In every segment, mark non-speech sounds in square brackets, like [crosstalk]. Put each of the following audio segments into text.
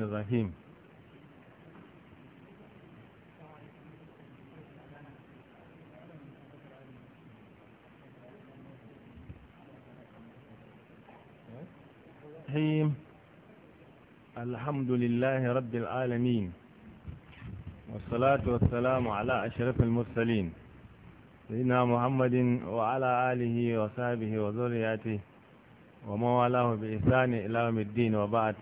الرحيم الرحيم الحمد لله رب العالمين والصلاة والسلام على أشرف المرسلين سيدنا محمد وعلى آله وصحبه وذرياته ومن والاه بإحسان إلى يوم الدين وبعد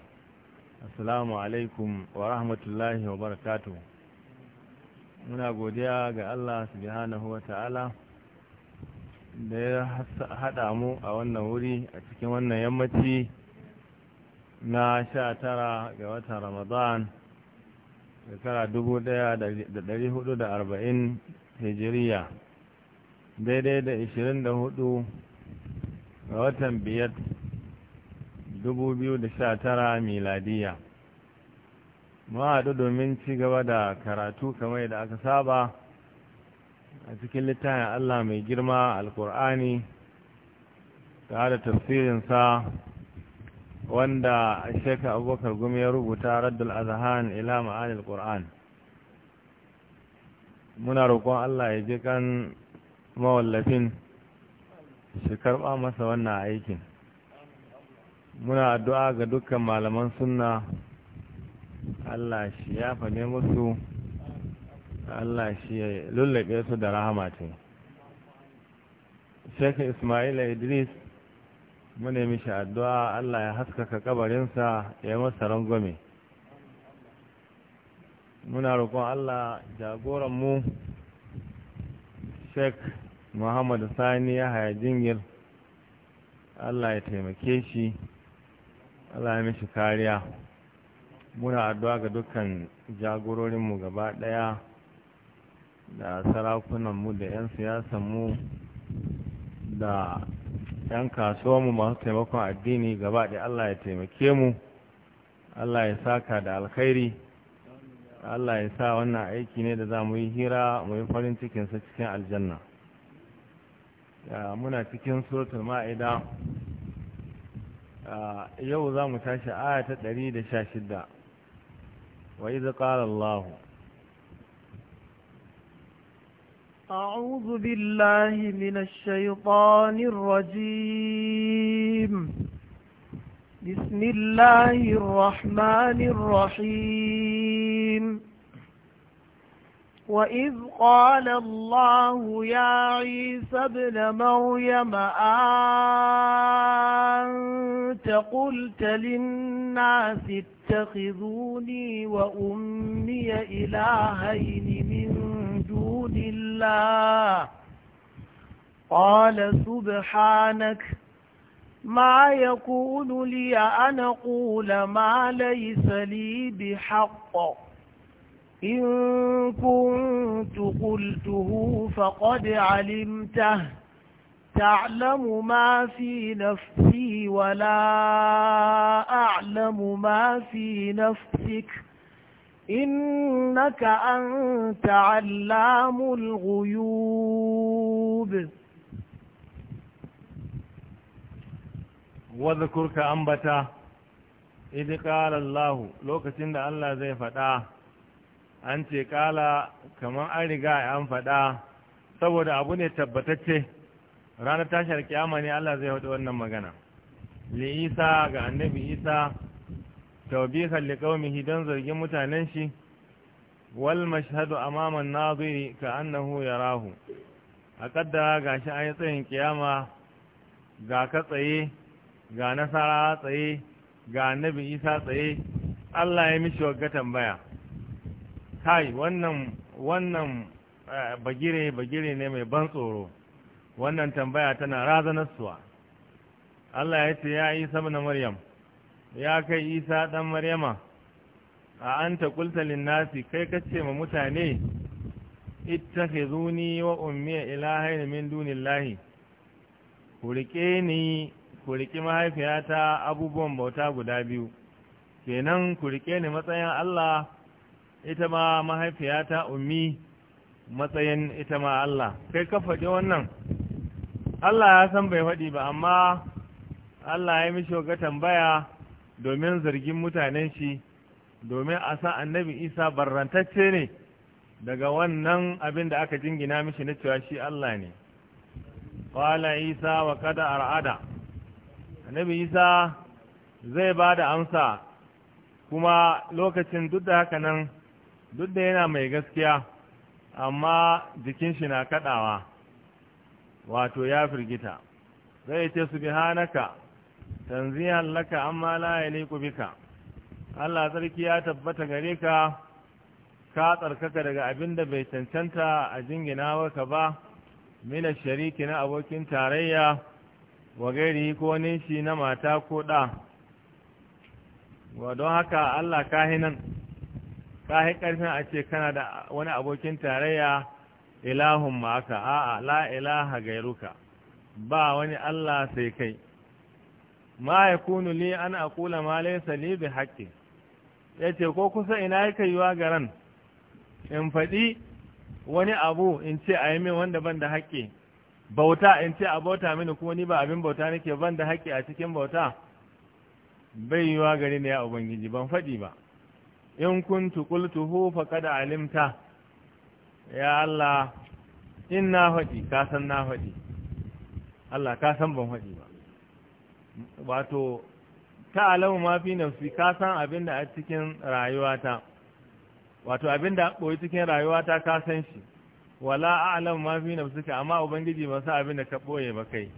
Asalamu alaikum wa rahmatullahi wa barakatu muna godiya ga Allah subhanahu wa ta'ala da ya haɗa mu a wannan wuri a cikin wannan yammaci na sha tara ga watan ramadan shekara arba'in hijiriya daidai da hudu ga watan biyar Dubu biyu da sha 2019 miladiya haɗu domin ci gaba da karatu kamar da aka saba a cikin littafin Allah mai girma alkur'ani tare da tafsirinsa wanda shekar abubakar gumi ya rubuta raddul azahan ila ma'anil qur'an muna roƙon Allah ya je kan mawallafin shi karɓa masa wannan aikin muna addu'a ga dukkan malaman sunna Allah shi ya fane musu Allah shi ya lullabe su da rahamatin Sheikh Ismail Idris muna yi mishi addu'a Allah ya haskaka kabarinsa ya yi masa rangwame muna roƙon Allah mu Sheikh Muhammad Sani ya haya jingir Allah ya taimake shi Allah ya mishi kariya muna addu'a ga dukkan jagororinmu gaba ɗaya da sarakunanmu da 'yan siyasanmu da 'yan kasuwanmu masu taimakon addini gaba ɗaya Allah ya taimake mu Allah ya saka da alkhairi Allah ya sa wannan aiki ne da za mu yi hira mu yi farin cikinsa cikin aljanna muna cikin suratul ma'ida yau za mu tashi ayata 116 wa idu ƙalar Allah أعوذ بالله من الشيطان الرجيم بسم الله الرحمن الرحيم وَإِذْ قَالَ اللَّهُ يَا عِيسَى ابْنَ مَرْيَمَ أَنْتَ قُلْتَ لِلنَّاسِ اتَّخِذُونِي وَأُمِّيَ إِلَٰهَيْنِ مِن دُونِ اللَّهِ قَالَ سُبْحَانَكَ ما يكون لي أن أقول ما ليس لي بحق إن كنت قلته فقد علمته تعلم ما في نفسي ولا أعلم ما في نفسك إنك أنت علام الغيوب وذكرك أنبتا إذ قال الله لوكتن الله زي فتاه an ce kala kamar an riga an faɗa saboda abu ne tabbatacce ranar tashar kiyama ne Allah zai hudu wannan magana li isa ga annabi isa tawbihan li don zargin mutanen shi wal mashhadu amama na nadiri ka annahu rahu? a ga shi an yi tsayin kiyama ga ka tsaye ga nasara tsaye ga annabi isa tsaye Allah ya mishi wagga tambaya kai wannan wannan eh, bagire bagire ne mai ban tsoro wannan tambaya tana razanar suwa. Allah ya ce ya isa na maryam ya kai isa dan maryama a anta qulta lin-nasi kai kace ma mutane ittakhizuni wa ummi ilahayn min dunillahi ku rike ni ku riki mahaifiyata abubuwan bauta guda biyu kenan ku rike ni matsayin Allah ita ma mahaifiyata ummi matsayin ita ma Allah kai ka faɗi wannan Allah ya san bai faɗi ba amma Allah ya mishi ga tambaya domin zargin mutanen shi domin a sa annabi isa barrantacce ne daga wannan abin da aka jingina mishi na cewa shi Allah ne ƙwala isa wa kada al'ada annabi isa zai ba da amsa kuma lokacin duk da haka nan duk da yana mai gaskiya amma jikin shi na kadawa wato ya firgita zai ce subhanaka tanziyan laka amma la yaliqu bika Allah sarki ya tabbata gare ka ka tsarkaka daga abin da bai cancanta a jingina waka ba mina shariki na abokin tarayya wa gairi ko shi na mata ko da wa don haka Allah kahinan ka yi ƙarfin a ce kana da wani abokin tarayya ilahun ma'aka a'a la ilaha gairuka ba wani Allah sai kai ma ya kunu li an akula ma laysa li bi haqqi yace ko kusa ina yake yiwa garan in faɗi wani abu in ce a yi min wanda ban da haƙƙi bauta in ce a bauta mini kuma ni ba abin bauta nake ban da haƙƙi a cikin bauta bai yiwa gari ne ya ubangiji ban faɗi ba in kuntu kultu qultuhu faqad alimta ya Allah in na faɗi ka san na faɗi Allah ka san ban faɗi ba wato ta alamu ma fi nafsi ka san abin da a cikin rayuwata wato abin da cikin rayuwata ka san shi wala a'lamu ma fi ka, amma ubangiji ba sa abin da ka ɓoye ba kai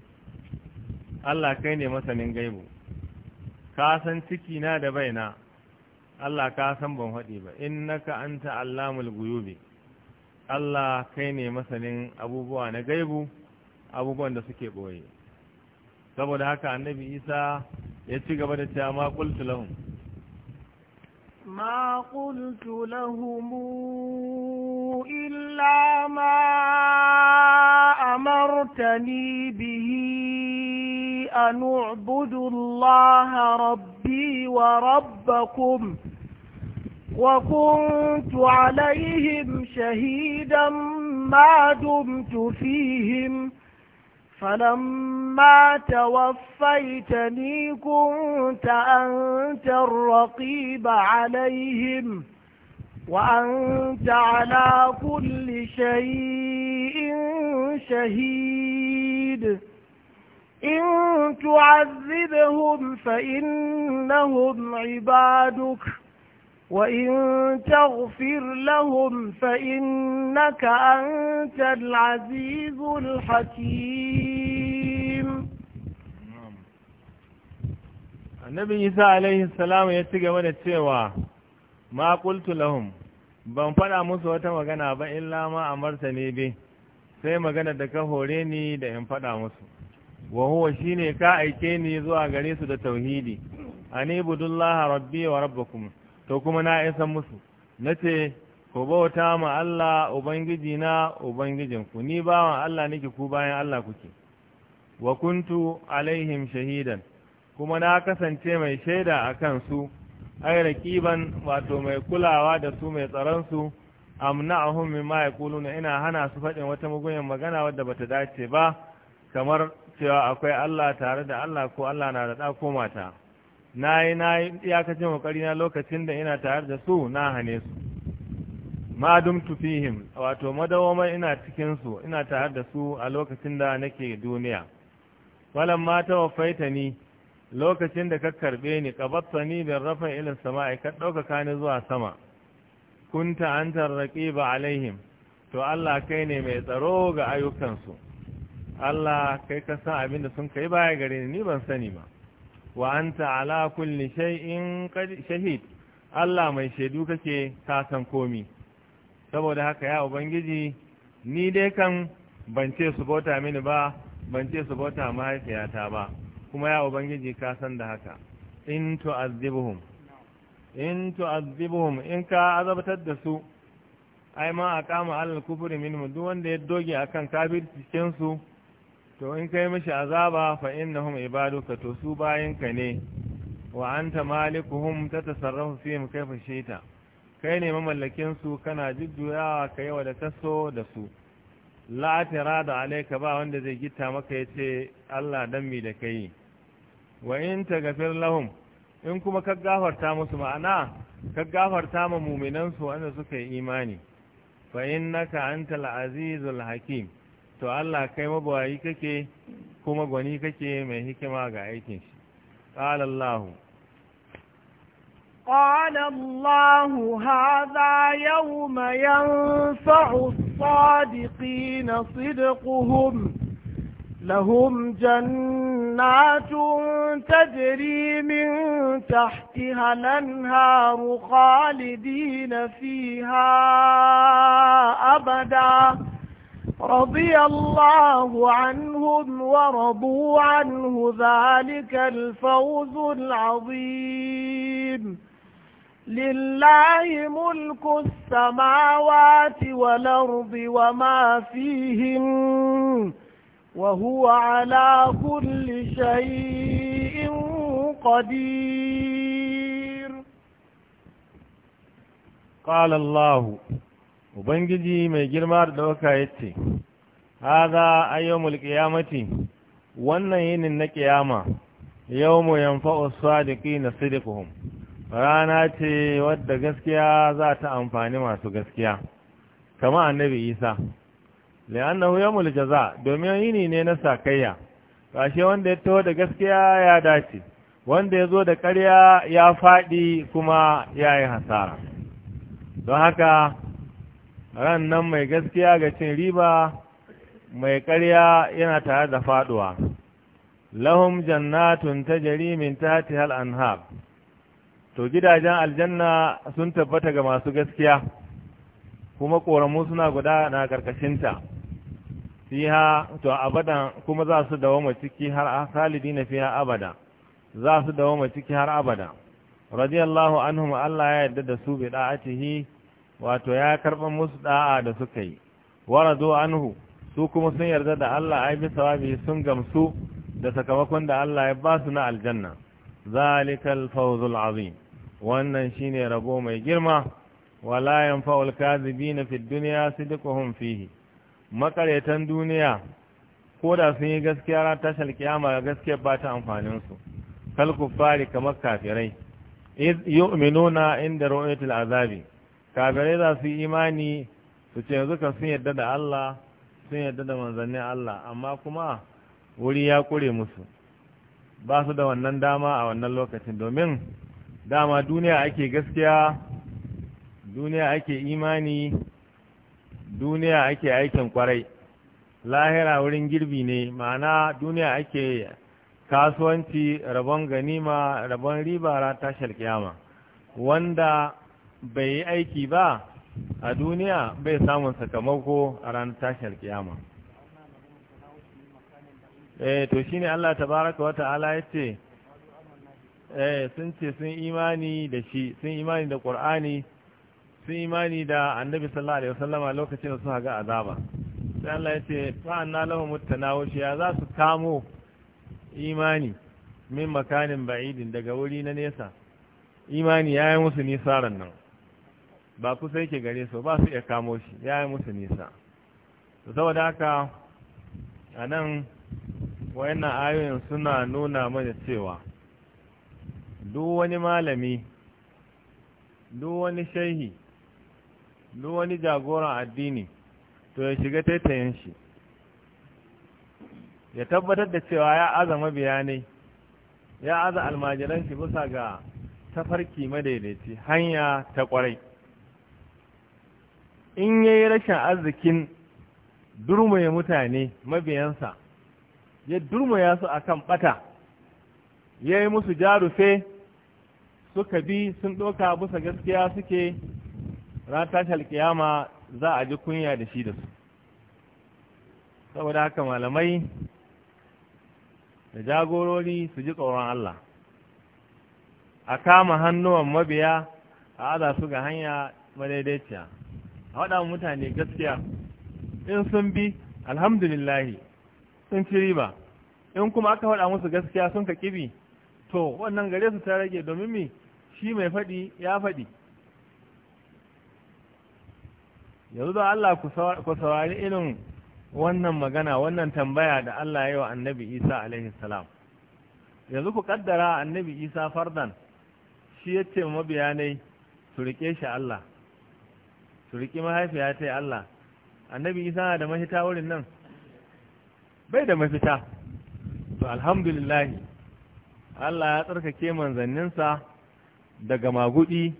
Allah kai ne masanin gaibu ka san ciki na da baina Allah ka san ban haɗi ba in na ka'anta allamul guyubi Allah kai ne masanin abubuwa na gaibu abubuwan da suke ɓoye saboda haka annabi Isa ya ci gaba da cewa ma ƙultu lahum ma qultu illa ma amartani bihi an u'budu Allah rabbi ربي وربكم وكنت عليهم شهيدا ما دمت فيهم فلما توفيتني كنت أنت الرقيب عليهم وأنت على كل شيء شهيد إن تعذبهم فإنهم عبادك وإن تغفر لهم فإنك أنت العزيز الحكيم النبي يسا عليه السلام يتقى من التوى ما قلت لهم ban faɗa musu wata magana ba illa ma amarta ne be sai magana da wa huwa shine ka aike ni zuwa gare su da tauhidi ani budullahi rabbi wa rabbukum to kuma na isa musu nace ko bauta ma Allah ubangiji na ubangijinku ni bawan Allah nake ku bayan Allah kuke wa kuntu alaihim shahidan kuma na kasance mai shaida a su ai rakiban wato mai kulawa da su mai tsaron su amna'ahum mimma yaquluna ina hana su faɗin wata mugunyan magana wadda bata dace ba kamar cewa akwai Allah tare da Allah ko Allah na da ɗa ko mata na yi na yi iyakacin ƙoƙari na lokacin da ina tare da su na hane su madum tufihim wato madawama ina cikin su ina tare da su a lokacin da nake duniya walan ma wafaita ni lokacin da ka karɓe ni qabatta ni bin rafa ila sama'i ka ɗaukaka ni zuwa sama kunta antar raqiba alaihim to Allah kai ne mai tsaro ga ayyukansu Allah kai ka san abin da sun kai baya gare ni ni ban sani ba wa anta ala kulli shay'in shahid Allah mai shaidu kake ka san komi saboda haka ya ubangiji ni dai kan ban ce su bauta mini ba ban ce su bauta mahaifiyata ba kuma ya ubangiji ka san da haka in tu'azzibuhum in tu'azzibuhum in ka azabtar da su ai ma aqama al-kufri minhum duk wanda ya doge akan kafircin su to in kai mishi azaba fa innahum ibaduka to su bayinka ne wa anta malikuhum tatasarrafu fihim kayfa shita kai ne mamallakin su kana jujjuyawa kai wa da taso da su la tirada alayka ba wanda zai gitta maka yace Allah dan mi da kai wa in tagfir lahum in kuma ka gafarta musu ma'ana ka gafarta ma mu'minan su wanda suka yi imani fa innaka antal azizul hakim to Allah kai mabawayi kake kuma gwani kake mai hikima ga aikin shi qala Allah qala Allah hadha yawma yanfa'u as-sadiqina sidquhum لهم جنات تجري من تحتها الانهار خالدين فيها أبداً رضي الله عنهم ورضوا عنه ذلك الفوز العظيم لله ملك السماوات والأرض وما فيهن وهو على كل شيء قدير قال الله ubangiji mai girma da ɗauka ya ce haza ayyamul mati. wannan yinin na Yau qiyama yawmu yanfa'u na sidquhum rana ce wadda gaskiya za ta amfani masu gaskiya kama annabi Isa li'annahu yawmul za domin yini ne na sakayya kashe wanda ya taho da gaskiya ya dace wanda ya zo da ƙarya ya faɗi kuma ya yi hasara don haka ran nan mai gaskiya ga cin riba mai ƙarya yana tare da faɗuwa. lahum jannatun tajri min tahtiha al-anhar to gidajen aljanna sun tabbata ga masu gaskiya kuma koramu suna guda na karkashinta fiha to abadan kuma za su dawoma ciki har fi fiha abada za su dawoma ciki har abada radiyallahu anhum Allah ya yarda da su bi da'atihi wato ya karɓa musu ɗa'a da suka yi waradu anhu su kuma sun yarda da Allah ai bisa sawabi sun gamsu da sakamakon da Allah ya ba su na aljanna zalikal fawzul azim wannan shine rabo mai girma wala yanfa'ul kadhibina fid dunya sidquhum fihi makaretan duniya ko da sun yi gaskiya ran tashar kiyama gaskiya ba ta amfanin su kal kamar kafirai iz yu'minuna inda ru'yatil azabi kafirai za su yi imani su ce yanzu ka sun yadda da Allah sun yarda da manzannin Allah amma kuma wuri ya kure musu ba su da wannan dama a wannan lokacin domin dama duniya ake gaskiya duniya ake imani duniya ake aikin kwarai lahira wurin girbi ne ma'ana duniya ake kasuwanci rabon ganima rabon riba ta tashar kiyama wanda bai yi aiki ba a duniya bai samun sakamako a ranar tashar kiyama eh to shine Allah tabaraka wa ta'ala yace eh sun ce sun imani da shi sun imani da Qur'ani sun imani da Annabi sallallahu alaihi wasallama lokacin da suka ga azaba sai Allah yace fa anna lahum mutanawush ya za su kamo imani min makanin ba'idin daga wuri na nesa imani yayin musu nisaran nan ba kusa yake gare su ba su iya kamo shi ya yi musu nisa saboda haka a nan wayannan ayoyin suna nuna mana cewa duk wani malami duk wani shaihi, duk wani jagoran addini to ya shiga taitayen shi ya tabbatar da cewa ya aza mabiyanai ya aza almajiran shi bisa ga tafarki madaidaici hanya ta kwarai in ya yi rashin arzikin durmaya mutane mabiyansa ya durmaya su a kan ɓata, ya yi musu jarufe suka bi sun ɗoka bisa gaskiya suke rata tashi za a ji kunya da shi da su saboda haka malamai da jagorori su ji tsoron Allah a kama hannuwan mabiya a aza su ga hanya madaidaiciya a waɗa mutane gaskiya in sun bi alhamdulillahi sun ci riba in kuma aka faɗa musu gaskiya sun ka ƙibi to wannan gare su ta rage domin mi shi mai faɗi ya faɗi yanzu da Allah ku saurari irin wannan magana wannan tambaya da Allah ya yi wa annabi Isa alaihi salam yanzu ku kaddara annabi Isa fardan shi ya ce mabiyanai su riƙe shi Allah su riƙi mahaifiya ta yi Allah annabi isa da mafita wurin nan bai da mafita to alhamdulillahi Allah ya tsarkake manzanninsa daga magudi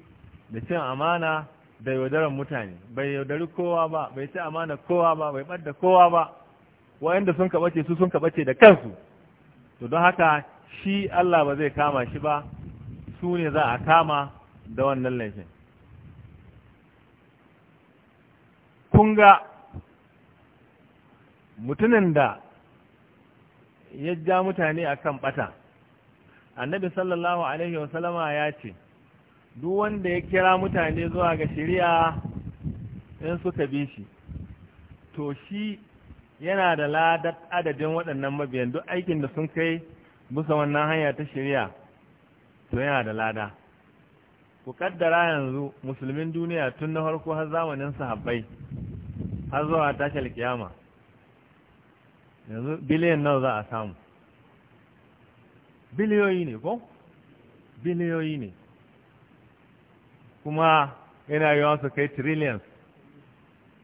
da cin amana da yaudarar mutane bai yaudari kowa ba bai ci amana kowa ba bai ɓadda kowa ba wa'anda sun kaɓace su sun kaɓace da kansu to don haka shi Allah ba zai kama shi ba su ne za a kama da wannan laifin kun ga mutumin da ya ja mutane a kan ɓata annabi sallallahu alaihi wasallama ya ce duk wanda ya kira mutane zuwa ga shirya in suka bi shi to shi yana da ladar adadin waɗannan mabiyan duk aikin da sun kai bisa wannan hanya ta shirya to yana da lada ku kaddara yanzu musulmin duniya tun na farko har zamanin sahabbai har zuwa tashar kiyama yanzu biliyan nan za a samu biliyoyi ne ko biliyoyi ne kuma yana yawan su kai trillions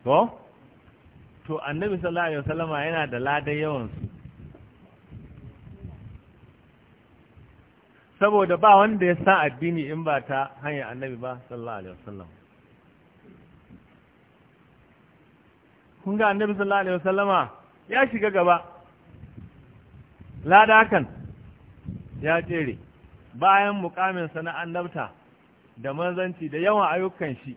ko to annabi sallallahu alaihi wasallama yana da ladan yawan su saboda ba wanda ya sa addini in ba ta hanyar annabi ba sallallahu alaihi wasallam kun ga annabi sallallahu alaihi wasallama ya shiga gaba Lada kan ya tsere bayan mukamin sa na annabta da manzanci da yawan ayyukan shi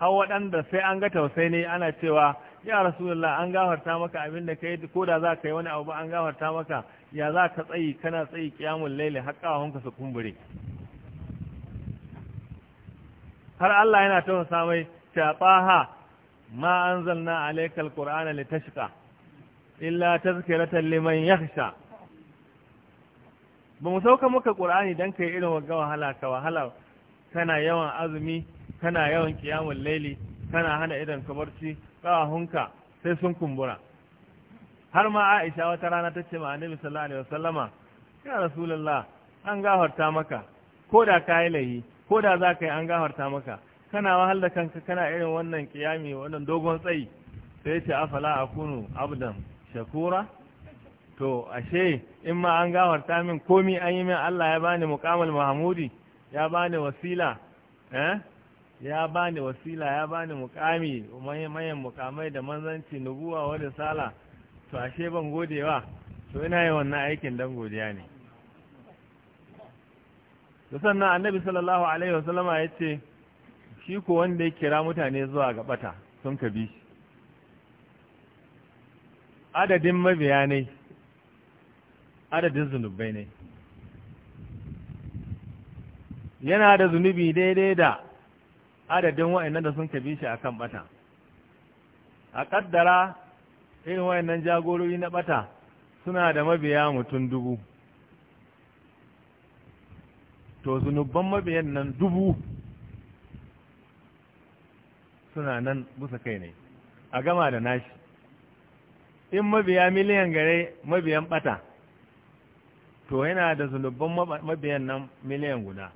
har waɗanda sai an ga Tausayi ne ana cewa ya rasulullah an gafarta maka abin da kai ko da za ka yi wani abu an gafarta maka ya za ka tsayi kana tsayi kiyamun laili har kawahunka su kumbure har Allah yana tausa mai ta ma anzalna alayka alqur'ana litashqa illa tazkiratan liman yakhsha ba mu sauka muka ƙur'ani dan kayi irin wagga wahala ka wahala kana yawan azumi kana yawan qiyamul laili, kana hana idan ka barci kawahunka sai sun kumbura har ma Aisha wata rana tace ma Annabi sallallahu alaihi wasallama ya Rasulallah! an gafarta maka ko da yi lahi ko da za ka yi an gafarta maka kana wahal da kanka kana irin wannan kiyami wannan dogon tsayi sai ce afala akunu abdan shakura to ashe in ma an gawarta min komi an yi min Allah ya bani muqamal mahmudi ya bani wasila eh ya bani wasila ya bani muqami mayan muqamai da manzanci nubuwa wa sala, to ashe ban godewa to ina yi wannan aikin dan godiya ne sannan annabi sallallahu alaihi wasallama yace shi ko wanda ya kira mutane zuwa ga bata sun ka bi adadin mabiya ne adadin zunubai ne yana da zunubi daidai da adadin wa'annan da sun ka bi shi akan bata a kaddara irin wa'annan jagorori na bata suna da mabiya mutum dubu to zunubban mabiyan nan dubu suna nan busa kai ne a gama da nashi in mabiya miliyan gare mabiyan bata to yana da zunubban mabiyan nan miliyan guda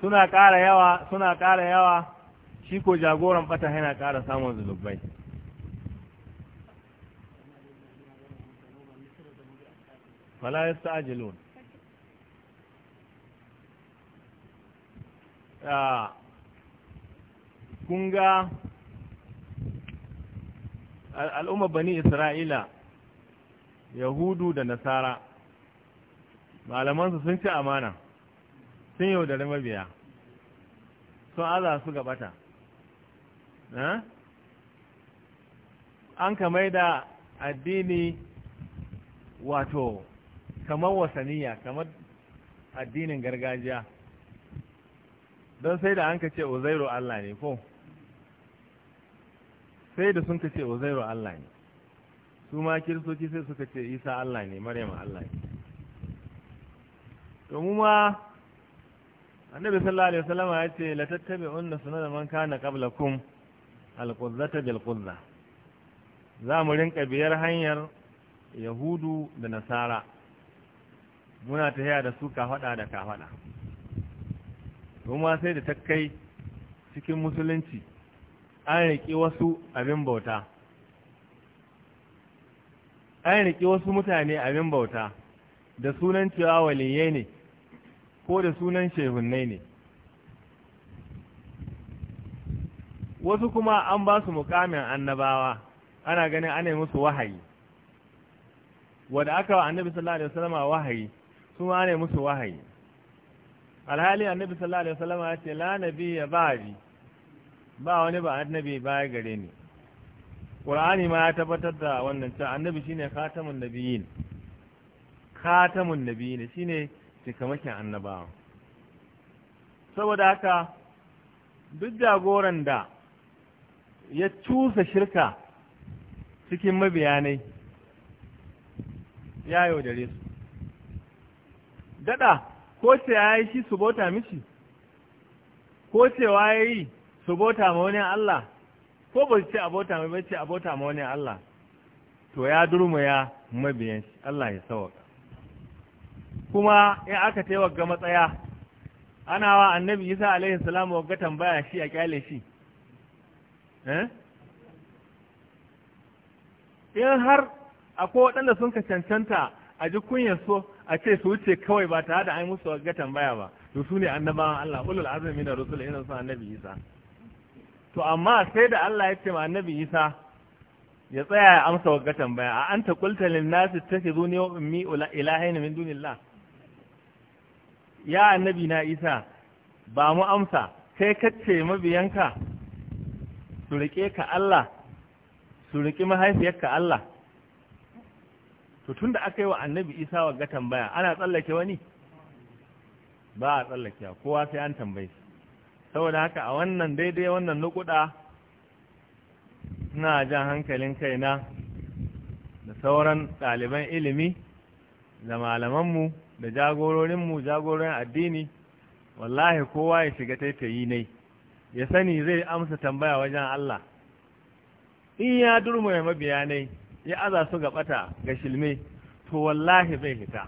suna ƙara yawa suna ƙara yawa shi ko jagoran bata yana ƙara samun zunubbai fala yasta'jilun ah, kun ga bani isra'ila yahudu da nasara malamansu sun ci amana sun yaudari mabiya sun aza su gabata eh? an kamai da addini wato kamar wasaniya kamar addinin gargajiya don sai da an ka ce uzairu Allah ne ko sai da sun ka ce uzairu Allah ne su ma kiristoci sai suka ce isa Allah ne maryam Allah ne domin ma annabi sallallahu alaihi wasallam ya ce la tattabi'unna sunan man kana qablakum alquzzata bil quzza za mu rinka biyar hanyar yahudu da nasara muna ta haya da su kafada da kafada kuma sai da ta kai cikin musulunci an riƙi wasu abin bauta an riƙi wasu mutane abin bauta da sunan cewa waliyai ne ko da sunan shehunnai ne wasu kuma an ba su mukamin annabawa ana ganin ana musu wahayi wadda aka wa annabi sallallahu alaihi wasallam wahayi su ma ana musu wahayi alhali annabi sallallahu alaihi wasallam ya ce la nabiyya ba'di ba wani ba annabi baya gare ni qur'ani ma ya tabbatar da wannan cewa annabi shine khatamun nabiyyin khatamun nabiyyin shine cikamakin annabawa saboda haka duk jagoran da ya cusa shirka cikin mabiyanai ya yaudare su dada ko ce ya yi shi su bauta mishi ko cewa ya yi su bota ma wani Allah ko ba su ce abota mai bace abota ma wani Allah to ya ya mabiyan shi Allah ya sawaka kuma in aka taiwa matsaya ana wa annabi Isa alaihi salamu wagga tambaya shi a kyale shi eh in har akwai waɗanda sun ka cancanta a ji kunyar so a ce su wuce kawai ba tare da an musu ga tambaya ba to su ne annabawan Allah ulul azumi na rusul ina sa annabi Isa to amma sai da Allah ya ce ma annabi Isa ya tsaya ya amsa wagga tambaya a anta qulta lin nas tattakhidhu ni ummi ilahin min dunillah ya annabi na Isa ba mu amsa sai ka ce mabiyanka su rike ka Allah su rike mahaifiyarka Allah to tunda aka yi wa annabi Isa wagga tambaya ana tsallake wani ba a tsallakewa kowa sai an tambaye saboda haka a wannan daidai wannan nukuda na jan hankalin kaina da sauran ɗaliban ilimi da malamanmu da jagororinmu jagororin addini wallahi kowa ya shiga taitayi ne ya sani zai amsa tambaya wajen Allah in ya durmu ya mabiya ne ya aza su gabata ga shilme to wallahi zai hita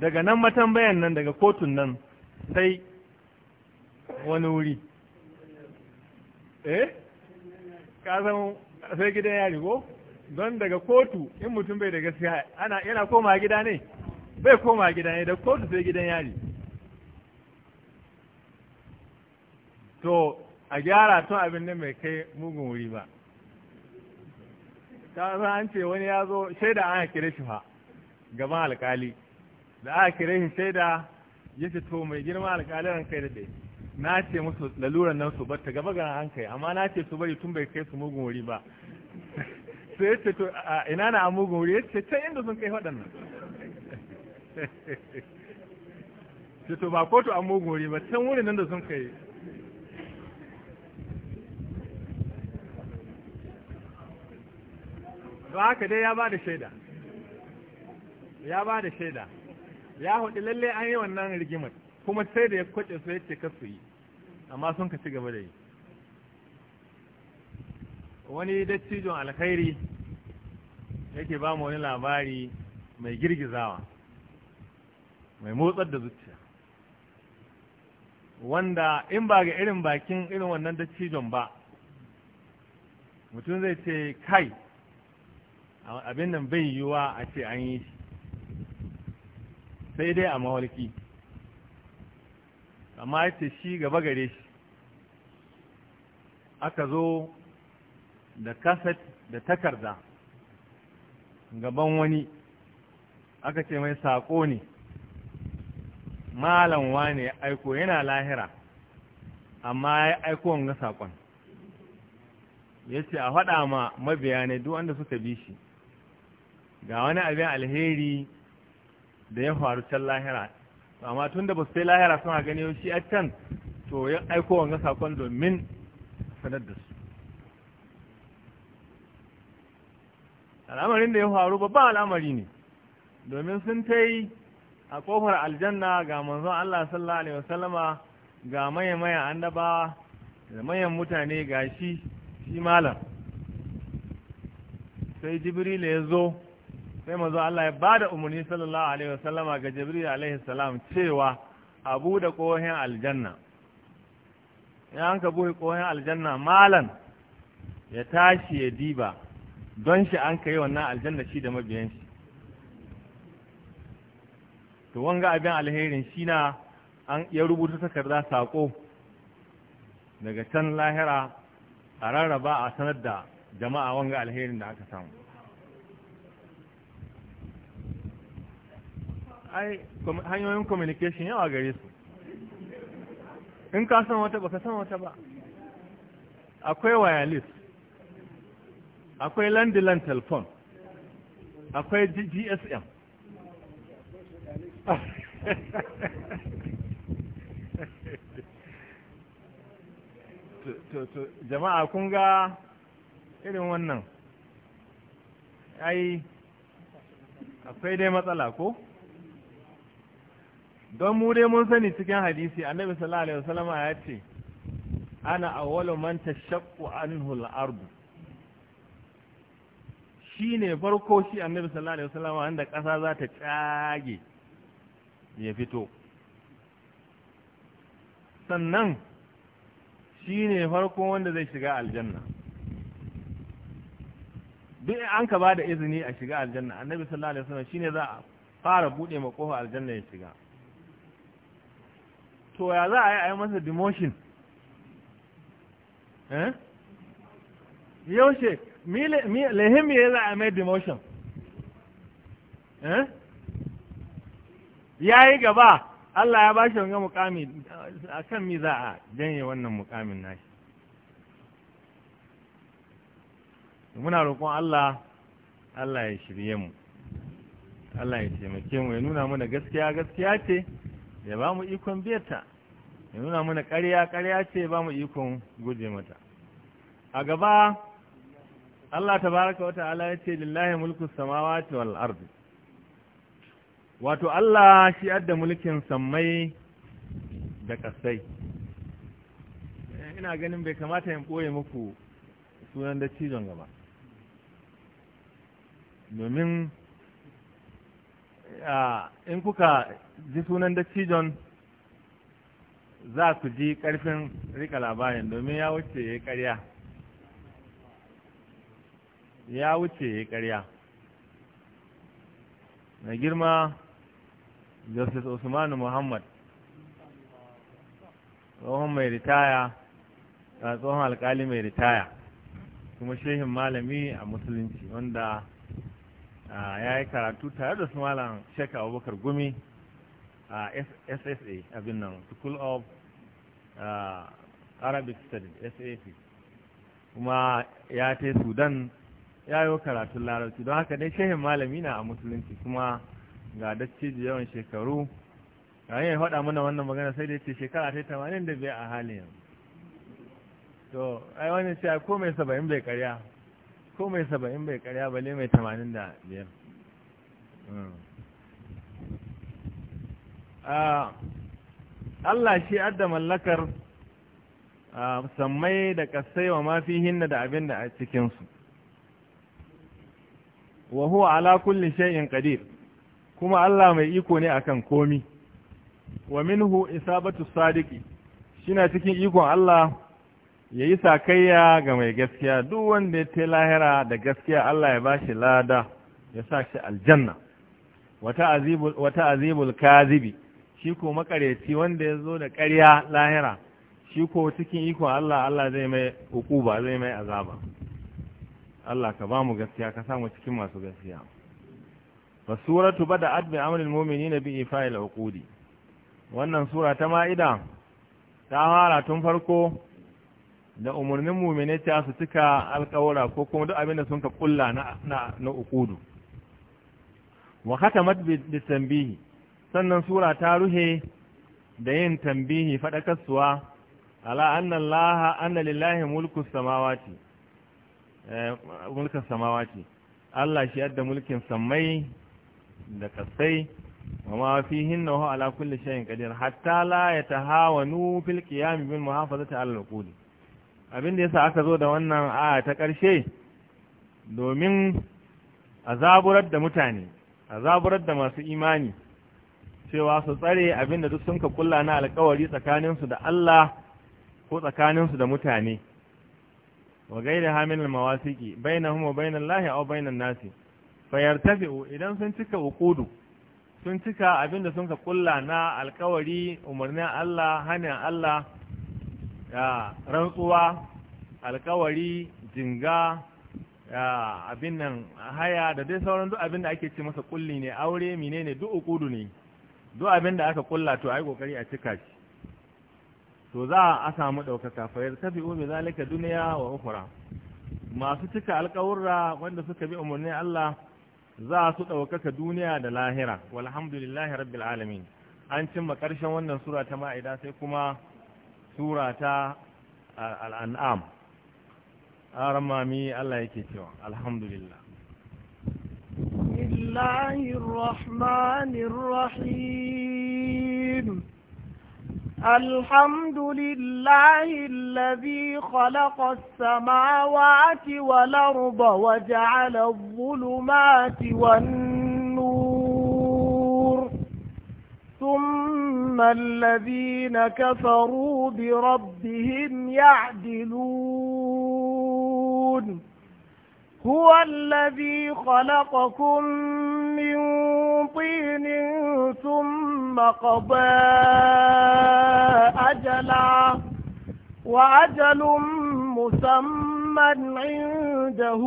daga nan matambayan nan daga kotun nan sai wani wuri eh kasan sai gidan yari ko don daga kotu in mutum bai da gaskiya ana yana koma gida ne bai koma gida ne da kotu sai gidan yari to a gyara tun abin da mai kai mugun wuri ba ta san an ce wani ya zo shaida an kire shi fa gaban alkali da aka kira shi shaida ya fito mai girma alkalin kai da ɗaya na ce musu laluran nan su bar ta gaba ga an amma na ce su bari tun bai kai su mugun wuri ba [laughs] sai yace to ina na a mugun wuri yace can inda sun kai waɗannan [laughs] ce to ba kotu a mugun wuri ba can wurin nan da sun kai ba haka dai ya ba da shaida ya ba da shaida ya hudu lalle an yi wannan rigimar kuma sai da ya kwace su ya ce kasu yi amma sun ka ci gaba da yi wani dattijon alkhairi yake ba mu wani labari mai girgizawa mai motsar da zuciya wanda in ba ga irin bakin irin wannan dattijon ba mutum zai ce kai abin nan bai yiwuwa a ce an yi shi sai dai a mawalki amma ya ce shi gaba gare shi aka zo da kasat da takarda gaban wani aka ce mai saƙo ne malam ne ya aiko yana lahira amma ya aiko wanga saƙon ya ce a faɗa ma mabiya duk wanda suka bi shi ga wani abin alheri da ya faru can lahira amma tun da ba su sai lahira suna gani shi a can to yin aiko wanga sakon domin sanar da su al'amarin da ya faru babban al'amari ne domin sun ta yi a kofar aljanna ga manzon Allah sallallahu alaihi wasallama ga mayan-mayan annabawa da mayan mutane ga shi shi malam sai jibril ya zo sai manzo Allah ya bada umarni sallallahu alaihi wasallama ga Jibril alaihi salam cewa a buɗe kohin aljanna ya an ka buɗe ƙohin aljanna malan ya tashi ya diba don shi an yi wannan aljanna shi da mabiyan shi to wanga abin alherin shi na an ya rubuta takarda sako daga can lahira a rarraba a sanar da jama'a wanga alherin da aka samu ai hanyoyin communication yawa gare su in ka san wata ba ka san wata ba akwai wireless akwai landilan telephone akwai gsm [laughs] jama'a kun ga irin wannan ai akwai dai matsala ko don mu dai mun sani cikin hadisi annabi sallallahu alaihi wasallam ya ce ana awwalu man tashaqqu anhu al-ardu shine farko shi annabi sallallahu alaihi wasallam wanda kasa za ta tsage ya fito sannan shine farko wanda zai shiga aljanna duk an ka ba da izini a shiga aljanna annabi sallallahu alaihi wasallam shine za a fara bude makofa aljanna ya shiga to ya za a yi a yi masa demotion eh yaushe lehemi ya za a mai demotion eh ya yi gaba Allah ya ba shi wanga mukami a kan mi za a janye wannan mukamin nashi muna roƙon Allah Allah ya shirye mu Allah ya taimake mu ya nuna mana gaskiya gaskiya ce ya ba mu ikon biyarta ya nuna mana karya karya ce ba mu ikon guje mata a gaba Allah Ta wata ala ya ce lillahi mulku ce wal ardi wato Allah shi adda mulkin sammai da kasai ina ganin bai kamata in ɓoye muku sunan da cizon gaba domin in kuka ji sunan dattijon za ku ji ƙarfin rika labarin domin ya wuce ya ƙarya ya wuce ya ƙarya na girma justice usmanu muhammad tsohon mai ritaya tsohon alkali mai ritaya kuma shehin malami a musulunci wanda Ah, ya yi karatu tare da su malam Sheik Abubakar Gumi a SSA abin nan School of Arabic Studies SAP kuma ya ta Sudan ya yi karatun larabci don haka dai shehin malami na a musulunci kuma ga da yawan shekaru yayin ya haɗa mana wannan magana sai dai ce shekara ta tamanin da a halin yanzu to ai wani ce ko mai saba'in bai karya ko mai saba'in bai karya ba ne mai tamanin da biyar hmm. Allah shi adda mallakar sammai da kasai wa mafi hinna da abin da a cikinsu wa huwa ala kulli shay'in qadir kuma Allah mai iko ne akan komi wa minhu isabatu sadiqi shina cikin ikon Allah ya yi sakayya ga mai gaskiya duk wanda ya ta lahira da gaskiya Allah ya bashi lada ya sa shi aljanna wata azibul kazibi shi ko makareci wanda ya zo da ƙarya lahira shi ko cikin iko Allah Allah zai mai hukuba zai mai azaba Allah ka ba mu gaskiya ka samu cikin masu gaskiya suratu bada adbi amrul mu'minina bi ifa'il uqudi wannan sura ta ma'ida ta fara tun farko da umarnin mumine ta su cika alƙawura ko kuma duk abin da sun ka kulla na na na ukudu wa khatamat bi tanbihi sannan sura ta ruhe da yin tanbihi fadakarsuwa ala anna allaha anna lillahi mulku samawati eh, mulku samawati Allah shi yadda mulkin samai da kasai وما فيهن وهو على كل شيء قدير حتى لا يتهاونوا في القيام بالمحافظة على العقود abin da yasa aka zo da wannan aya ta ƙarshe domin a zaburar da mutane a zaburar da masu imani cewa su tsare abin da duk sun ka kulla na alkawari tsakaninsu da Allah ko tsakaninsu da mutane wa gaida hamil mawasiki bainahum wa bainal lahi aw bainan nasi yartafi'u idan sun cika uqudu sun cika abin da sun ka kulla na alkawari umarnin Allah hanin Allah rantsuwa alkawari jinga abin nan haya da dai sauran duk abin da ake ce masa kulli ne aure mine ne duk ukudu ne duk abin da aka kulla to ai kokari a cika shi to za a samu ɗaukaka fayar tafi umi zalika duniya wa ukura masu cika alkawurra wanda suka bi umarnin Allah za su ɗaukaka duniya da lahira walhamdulillahi rabbil alamin an cimma ƙarshen wannan sura ta ma'ida sai kuma sura الأنعام al’an’am an mami Allah yake cewa alhamdulillah الله الرحمن الرحيم الحمد لله الذي خلق السماوات والأرض وجعل الظلمات والنار ثم الذين كفروا بربهم يعدلون هو الذي خلقكم من طين ثم قضى أجلا وأجل مسمى عنده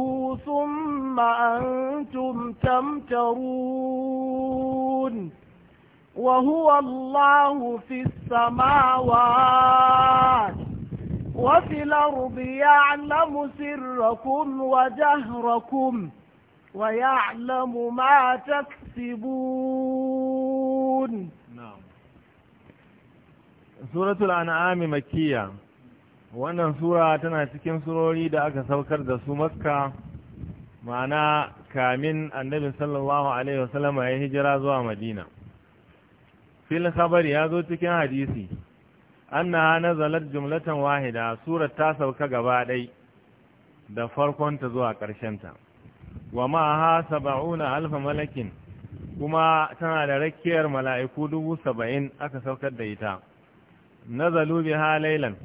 ثم أنتم تمترون وهو الله في السماوات وفي الأرض يعلم سركم وجهركم ويعلم ما تكسبون نعم سورة الأنعام مكية wannan sura tana cikin surori da aka saukar da su makka ma'ana kamin annabi sallallahu alaihi wasallam ya hijira zuwa madina fil khabar ya zo cikin hadisi annaha nazalat jumlatan wahida surar ta sauka gaba dai da ta zuwa ƙarshenta wa ha sab'una alf malakin kuma tana da rakiyar mala'iku dubu saba'in aka saukar da ita nazalu biha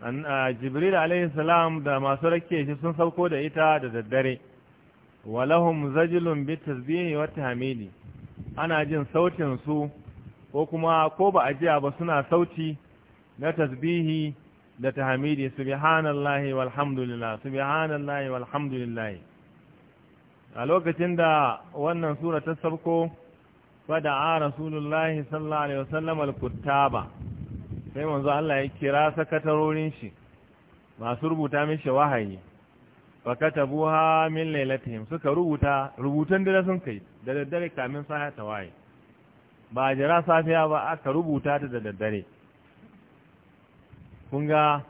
anna jibril alayhi salam da masu rakiye shi sun sauko da ita da daddare walahum lahum zajlun tasbihi wa tahmidi ana jin sautin su ko kuma ko ba a jiya ba suna sauti na tasbihi da tahmidi subhanallahi walhamdulillah subhanallahi walhamdulillah a lokacin da wannan sura ta sabko a rasulullahi sallallahu alaihi wasallam al-kuttaba sai manzo Allah ya kira sakatarorin shi masu rubuta mishi wahayi fa katabuha min lailatihim suka rubuta rubutan dare sun kai da daddare kamin sa ta waye ba a jira safiya ba aka rubuta ta da daddare kun ga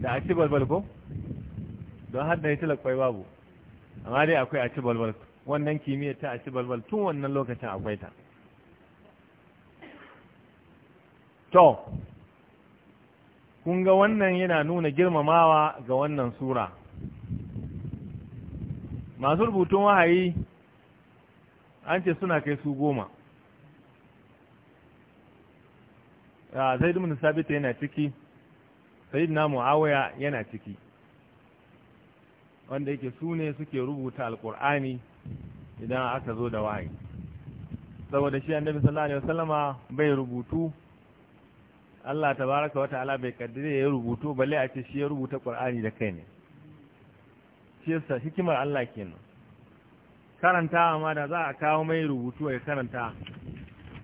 da a ci balbal ko don hada ya tilakwai babu amma dai akwai a ci balbal wannan kimiyyar ta a ci balbal tun wannan lokacin akwai ta to kun ga wannan yana nuna girmamawa ga wannan sura masu rubutun wahayi an ce suna kai su goma Ah, zai dumin sabita yana ciki sayyidina muawiya yana ciki wanda yake su ne suke rubuta alqur'ani idan aka zo da wahayi saboda shi annabi sallallahu alaihi wasallama bai rubutu Allah tabaraka wa ta'ala bai kaddare ya rubutu balle a ce shi ya rubuta qur'ani da kai ne shi yasa hikimar Allah kenan karanta amma da za a kawo mai rubutu ya karanta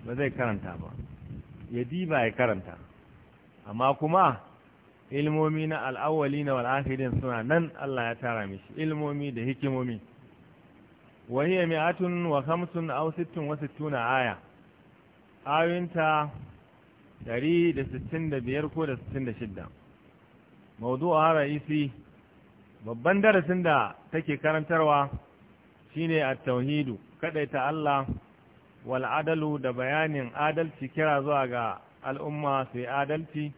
ba zai karanta ba ya diba ya karanta amma kuma ilmomi na al'awali na wal'afirin suna nan Allah ya tara mishi ilmomi da hikimomi wahiyar mi'atun wa hamsin a wasu wasu a aya ayoyinta 165 ko da 66 maudu a isi babban darasin da take karantarwa shine a tauhidu ta Allah Wal'adalu da bayanin adalci kira zuwa ga al'umma sai adalci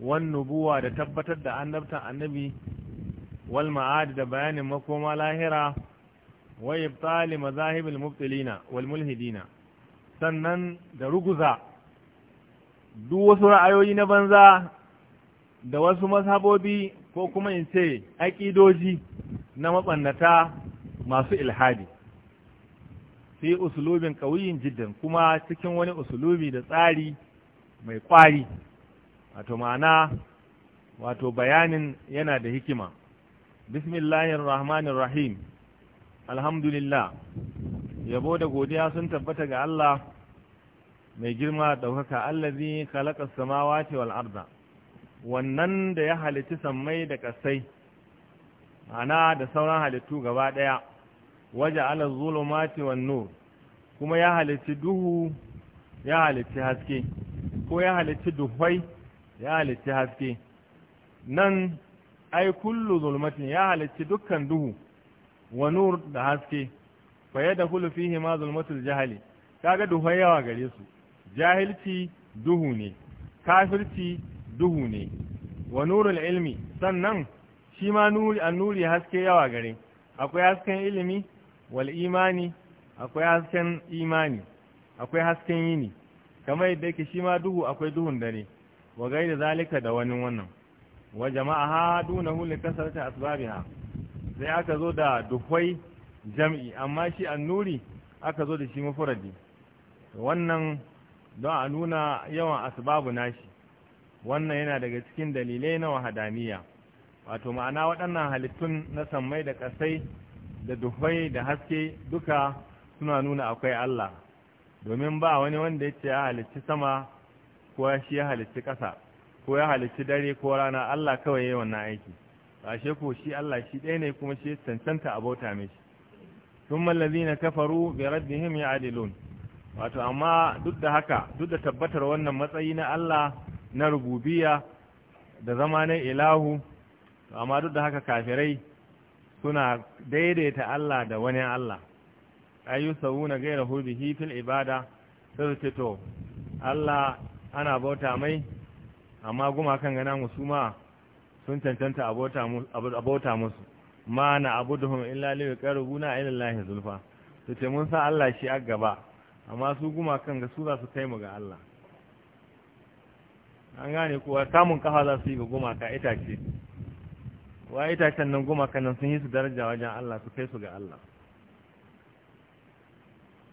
wan nubuwa da tabbatar da annabtan annabi wal ma'ad da bayanin makoma lahira wa ibtali mazahibil mubtilina wal mulhidina sannan da ruguza duk wasu ra'ayoyi na banza da wasu mazhabobi ko kuma in ce aƙidoji na matsannata masu ilhadi Sai usulubin ƙauyin jiddan kuma cikin wani usulubi da tsari mai ƙwari wato ma'ana wato bayanin yana da hikima bismillahir rahmanir rahim alhamdulillah yabo da godiya sun tabbata ga Allah mai girma daukaka allazi khalaqa samawati wal arda wannan da ya halitta sammai da kasai ana da sauran halittu gaba daya waje ala zulumati wan nur kuma ya halitti duhu ya halitti haske ko ya halitti duhai ya halitti haske nan ai kullu zulmatin ya halitti dukkan duhu wa nur da haske fa ya dakhulu fihi ma zulmatul jahali kaga duhai yawa gare su jahilci duhu ne kafirci duhu ne wa nurul ilmi sannan shi ma nuri an nuri haske yawa gare akwai hasken ilimi wal imani akwai hasken imani akwai hasken yini kamar yadda yake shi ma duhu akwai duhun dare wa gaida zalika da wani wannan wa jama'a ha dunahu li kasrati asbabiha sai aka zo da duhwai jam'i amma shi annuri aka zo da shi mufradi wannan don a nuna yawan asbabu nashi wannan yana daga cikin dalilai na wahadaniya wato ma'ana waɗannan halittun na sammai da ƙasai da duhai da haske duka suna nuna akwai Allah domin ba wani wanda ya ce ya halicci sama ko ya shi ya halicci ƙasa ko ya halicci dare ko rana Allah kawai ya wannan aiki ashe ko shi Allah shi ɗaya ne kuma shi cancanta a bauta mishi sun mallazi na kafaru raddi him ya adilun wato amma duk da haka duk da tabbatar wannan matsayi na Allah na rububiya da zama na ilahu amma duk da haka kafirai suna daidaita Allah da wani Allah ayu na gaira hubihi hifin ibada sai su ce to Allah ana bauta mai amma gumakan gana ma sun cancanta a bauta musu ma na abuduhum illa liyu a ila Allah zulfa Su ce mun sa Allah shi a gaba amma su gumakan ga su za su kai mu ga Allah an gane kuwa samun kafa za su yi ga gumaka itace waye tashan nan goma nan sun yi su daraja wajen Allah su kai su ga Allah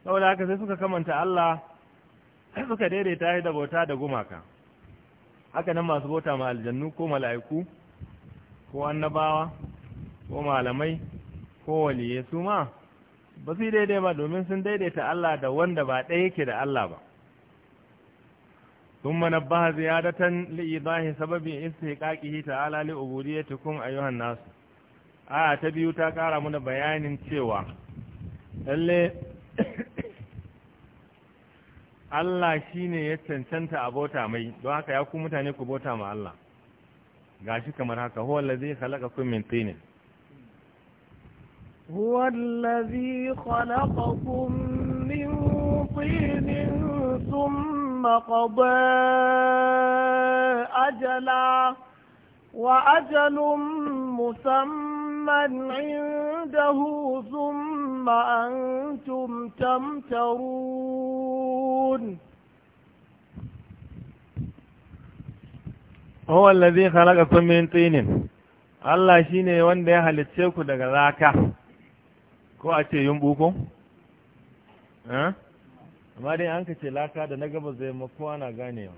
saboda haka sai suka kamanta Allah suka daidaita shi da bauta da gumaka haka nan masu bauta ma aljannu ko mala'iku ko annabawa ko malamai ko waliye su ma ba su daidai ba domin sun daidaita Allah da wanda ba ɗaya yake da Allah ba ثم نبه زيادة لإيضاح سبب استحقاقه تعالى لأبوديتكم أيها الناس آية تبيو تاكارا من بيان سوى اللي Allah shi ne ya cancanta a bauta mai don haka ya ku mutane ku bauta ma Allah ga shi kamar haka huwa khalaka kun minti ne. huwa allazi khalaqakum min tin thumma قضى أجلا وأجل مسمى عنده ثم أنتم تمترون هو الذي خلقكم من طين Allah shi ne wanda ya halicce ku daga raka, ko a ce yin buku? amma dai an ka ce laka da na gaba zai na ana ganewa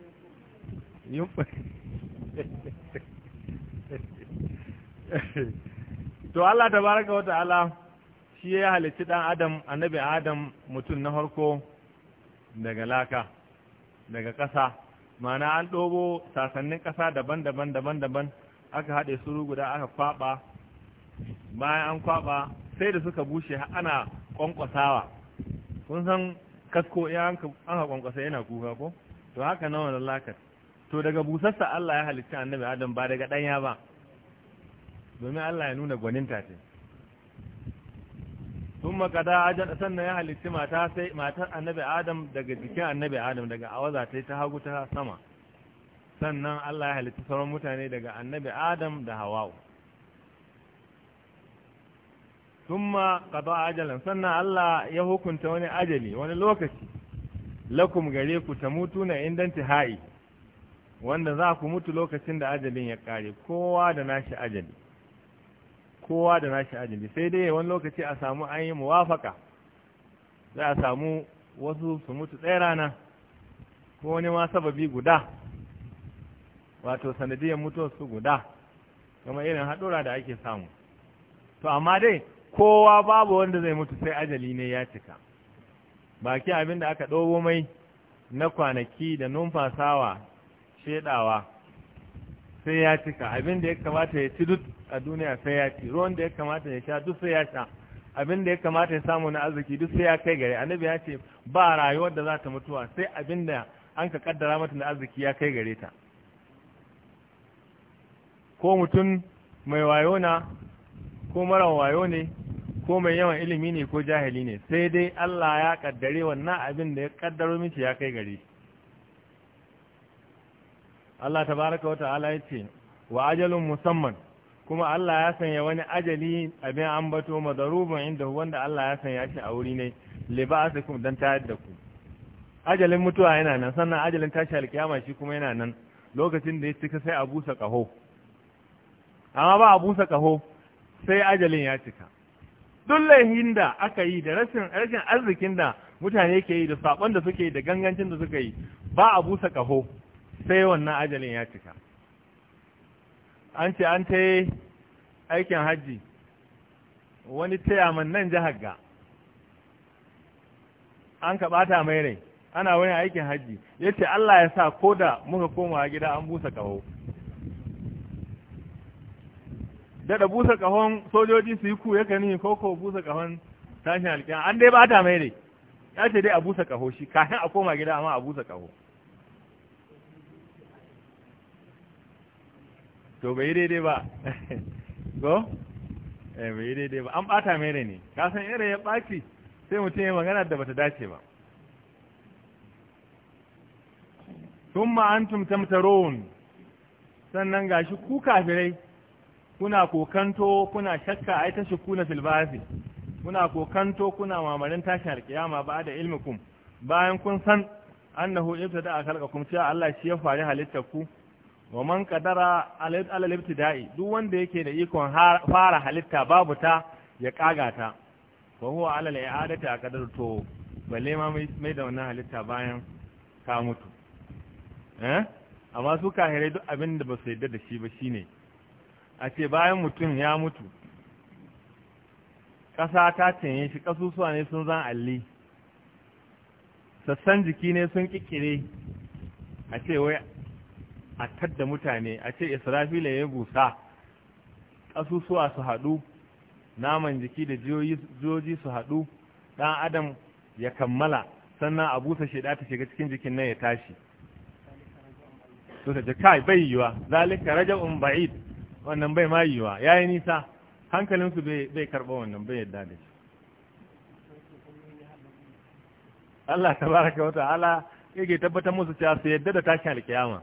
to Allah Ta baraka wa ta'ala shi ya halicci dan adam annabi adam mutum na harko daga laka daga ƙasa mana an dobo sasannin ƙasa daban-daban daban-daban aka haɗe suru guda aka kwaɓa bayan an kwaɓa sai da suka bushe ana ƙwanƙwasawa kun san kasko ya an kwankwasa yana kuka ko to haka na wannan lakar to daga busarsa Allah ya halitta annabi adam ba daga danya ba domin Allah ya nuna gwaninta ce kada makada sannan ya halitta mata sai matar annabi adam daga jikin annabi adam daga awaza ta ta hagu ta sama sannan Allah ya halitta sauran mutane daga annabi adam da Hawwa thumma qada ajalan sannan Allah ya hukunta wani ajali wani lokaci lakum gare ku ta mutu na indan tihai wanda za ku mutu lokacin da ajalin ya kare kowa da nashi ajali kowa da nashi ajali sai dai wani lokaci a samu an yi muwafaka za a samu wasu su mutu ɗaya rana ko wani ma sababi guda wato sanadiyar mutuwar su guda kamar irin haɗura da ake samu to amma dai kowa babu wanda zai mutu sai ajali ne ya cika baki abin da aka ɗobo mai na kwanaki da numfasawa shedawa sai ya cika abin da ya kamata ya ci duk a duniya sai ya ci ruwan da ya kamata ya sha duk sai ya sha abin da ya kamata ya samu na arziki duk sai ya kai gare annabi ya ce ba rayuwar da za ta mutuwa sai abin da an ka kaddara mata na arziki ya kai gare ta ko mutum mai wayo na ko mara wayo ne ko mai yawan ilimi ne ko jahili ne sai dai Allah ya kaddare wannan abin da ya kaddaro miki ya kai gari Allah tabaraka wa ta'ala ya ce wa ajalun musamman kuma Allah ya sanya wani ajali abin ambato madarubun inda wanda Allah ya sanya shi a wuri ne libasukum dan tayar da ku ajalin mutuwa yana nan sannan ajalin tashi alkiyama shi kuma yana nan lokacin da ya cika sai a busa kaho amma ba a busa kaho sai ajalin ya cika duk laihin da aka yi da rashin arzikin da mutane ke yi da sakon da suke yi da gangancin da suka yi ba a busa kaho sai wannan ajalin ya cika an ce an ta aikin hajji wani tayaman nan jihar ga an kaɓata mai rai ana wani aikin hajji yace Allah ya sa ko da muka koma gida an busa kaho daɗa busa ƙahon sojoji su yi ku ya kani ko ko busa ƙahon tashin alƙiyar an dai ta mai dai ya ce dai a busa ƙaho shi kafin a koma gida amma a busa ƙaho to bai daidai ba go [laughs] eh bai daidai ba an bata mere ne ka san ire ya baci sai mutum ya magana da bata dace ba thumma antum tamtarun sannan gashi ku kafirai kuna kokanto kuna shakka ai ta shukuna fil bazi kuna kokanto kuna mamarin tashin alkiyama ba da ilmikum bayan kun san annahu ibtada a kum cewa Allah shi ya fari halittar ku wa man qadara ala ibtida'i duk wanda yake da ikon fara halitta babu ta ya kagata wa huwa ala a kadar to balle ma mai da wannan halitta bayan ka mutu eh amma su kahirai duk abin da ba su yarda da shi ba shine a ce bayan mutum ya mutu ƙasa ta cinye shi ƙasusuwa ne sun zan alli sassan jiki ne sun ƙiƙire a ce wai a tadda mutane a ce israfila ya gusa ƙasusuwa su haɗu naman jiki da jiyoji su haɗu ɗan adam ya kammala sannan a busa shida ta shiga cikin jikin nan ya tashi Sosa ta bai yiwa zalika raja'un ba'id wannan bai ma yiwa ya yi nisa hankalinsu bai karɓa wannan bai yadda da shi Allah ta ka wata ala yake tabbatar musu cewa su yadda da tashin alkiyama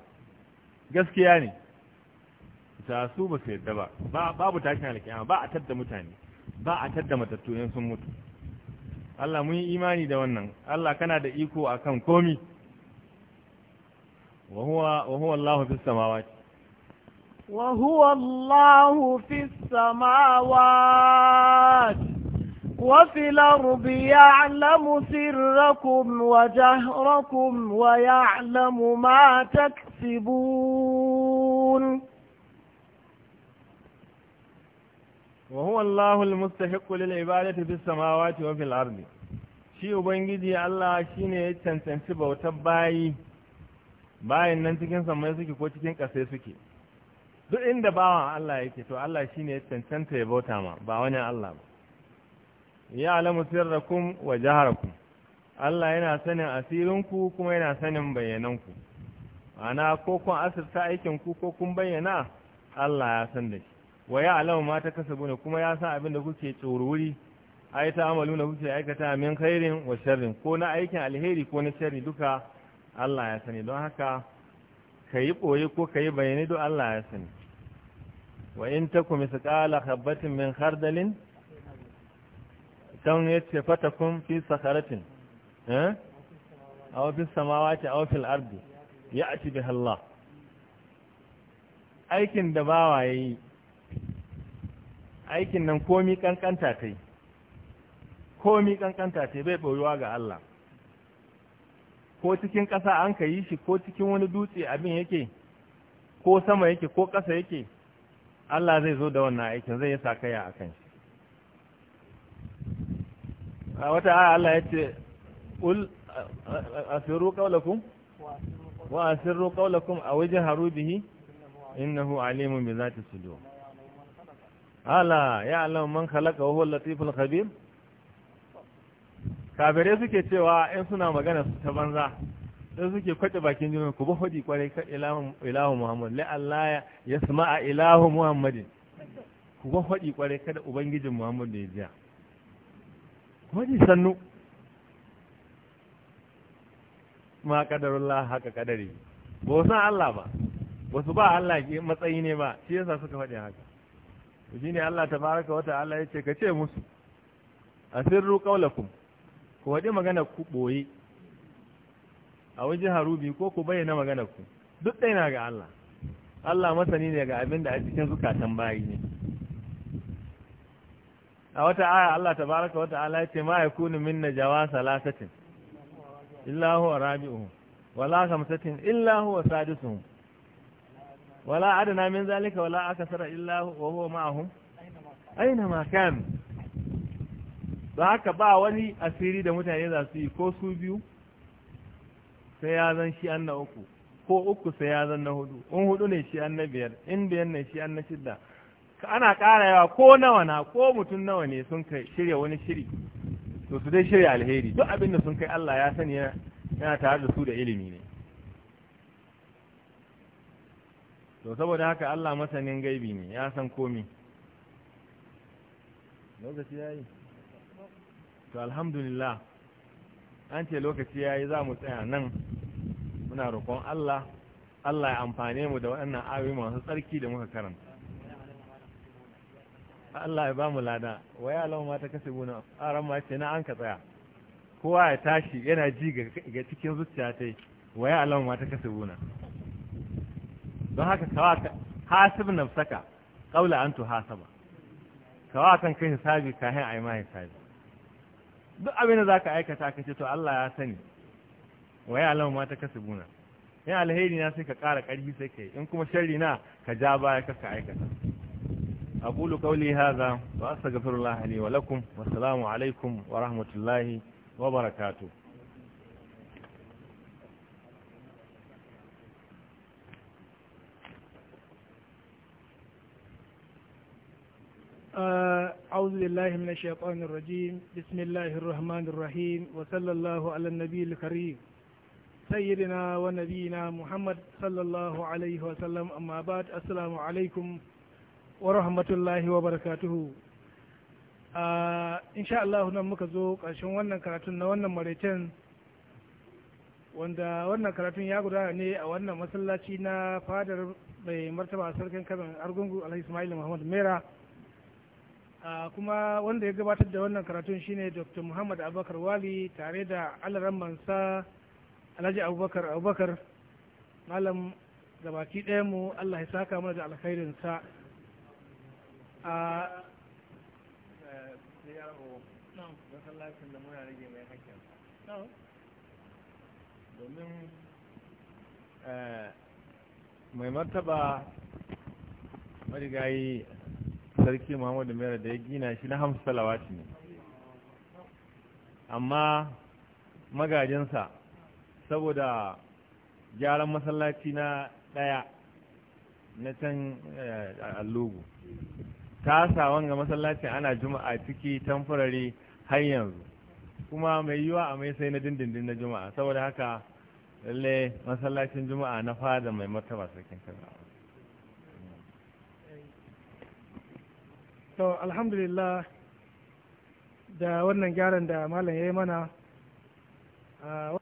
gaskiya ne ta su ba su yadda ba babu tashin alkiyama ba a tadda mutane ba a tadda matattu in sun mutu Allah mun yi imani da wannan Allah kana da iko akan komi wa huwa wa huwa Allahu samawati وهو الله في السماوات وفي الأرض يعلم سركم وجهركم ويعلم ما تكسبون وهو الله المستحق للعبادة في السماوات وفي الأرض shi ubangiji Allah shi ne ya cancanci bautar bayi bayan nan cikin samai suke ko cikin ƙasai suke duk inda bawan Allah yake to Allah shine ya cancanta ya bauta ma ba wani Allah ba ya alamu sirrakum wa jaharakum Allah yana sanin asirin ku kuma yana sanin bayyananku ana ko kun asirta aikinku ko kun bayyana Allah ya san da shi wa ya alamu ma ta kasabu ne kuma ya san abin da kuke tsoruri ai ta amalu na kuke aikata min khairin wa sharrin ko na aikin alheri ko na sharri duka Allah ya sani don haka ka yi ɓoye ko ka yi bayani don Allah ya sani wa in ta su ƙala habbatin min hardalin don ya ce fata kun fi sakaratin eh? a wafin samawa ce a wafin ardi ya a ci Allah aikin da bawa ya yi aikin nan komi ƙanƙanta ta yi komi ƙanƙanta ta yi, bai ɓoyuwa ga Allah ko cikin ƙasa an ka yi shi ko cikin wani dutse abin yake ko sama yake ko ƙasa yake Allah zai zo da wannan aikin zai yi sakaya a kan shi a wata aya Allah ya ce ul asiru qawlakum wa asirru a wajen haru bihi innahu alimun bi zati sudur ala Allah man khalaqa wa huwa al-latiful khabir kafirai suke cewa in suna magana su ta banza sai suke kwace bakin jirgin ku ba hudi kwarai ka ilahu muhammad la Allah ya a ilahu muhammadin ku ba hudi kwarai kada ubangijin muhammad da ya jiya hudi sannu ma kadarullah haka kadari ba san Allah ba wasu ba Allah ke matsayi ne ba shi yasa suka faɗi haka shi ne Allah wata Allah ya ce ka ce musu asirru kaulakum ku waje magana ku ɓoye a wajen harubi ko ku bayyana magana ku duk ɗaya na ga Allah Allah masani ne ga abin da a cikin zukatan bayi ne a wata aya Allah tabaraka wata ala ya ce ma ya kunu min najawa salasatin illa huwa wala khamsatin illa huwa sadisuhum wala adana min zalika wala akthara illa huwa ma'ahum aina ma kan da haka ba wani asiri da mutane za su yi ko su biyu sai ya zan shi an na uku ko uku sai ya zan na hudu in hudu ne shi an na biyar in biyar ne shi an na shidda ana ƙara yawa ko nawa na ko mutum nawa ne sun kai shirya wani shiri to su dai shirya alheri duk abin da sun kai Allah ya sani yana tare da su da ilimi ne to saboda haka Allah masanin gaibi ne ya san komi lokaci yayi to alhamdulillah an ce lokaci ya yi za mu tsaya nan muna roƙon Allah Allah ya amfane mu da waɗannan ayoyi masu tsarki da muka karanta Allah ya ba mu lada waya lawa ma ta kasa guna aran ma ce na an ka tsaya kowa ya tashi yana ji ga cikin zuciya ta waya ya ma ta kasa guna don haka kawa hasib nafsaka qawla an hasaba kawa kan kai hisabi kahin ayi ma hisabi duk abin da za ka aikata ka ce to Allah ya sani wa ya alama mata ka subuna in alheri na sai ka ƙara ƙarfi sai ka yi in kuma sharri na ka ja baya ka ka aikata aqulu haza hadha wa astaghfirullah li wa lakum wa salamu alaikum wa rahmatullahi wa barakatuh أعوذ بالله من الشيطان الرجيم بسم الله الرحمن الرحيم وصلى الله على النبي الكريم سيدنا ونبينا محمد صلى الله عليه وسلم أما بعد السلام عليكم ورحمة الله وبركاته إن شاء الله nan muka zo ƙarshen wannan karatun na wannan maraicen wanda wannan karatun ya gudana ne a wannan masallaci na fadar mai martaba a sarkin kabin argungu alhaji ismail muhammad mera kuma wanda ya gabatar da wannan karatun shine dr muhammad abubakar wali tare da alarammansa alhaji abubakar abubakar malam gabaki ɗaya mu allah ya saka mana da alkhairinsa a domin eh, mai martaba marigayi sarki muhammadu mera da ya gina shi na hamsu salawati ne amma magajinsa saboda gyaran masallaci na ɗaya na can eh, allugu ta sawan ga masallacin ana juma'a ciki tamfurari har yanzu kuma mai yiwa a mai sai na dindindin na juma'a saboda haka lalle masallacin juma'a na fada mai martaba sarkin kaza to alhamdulillah da wannan gyaran da malam ya yi mana ah,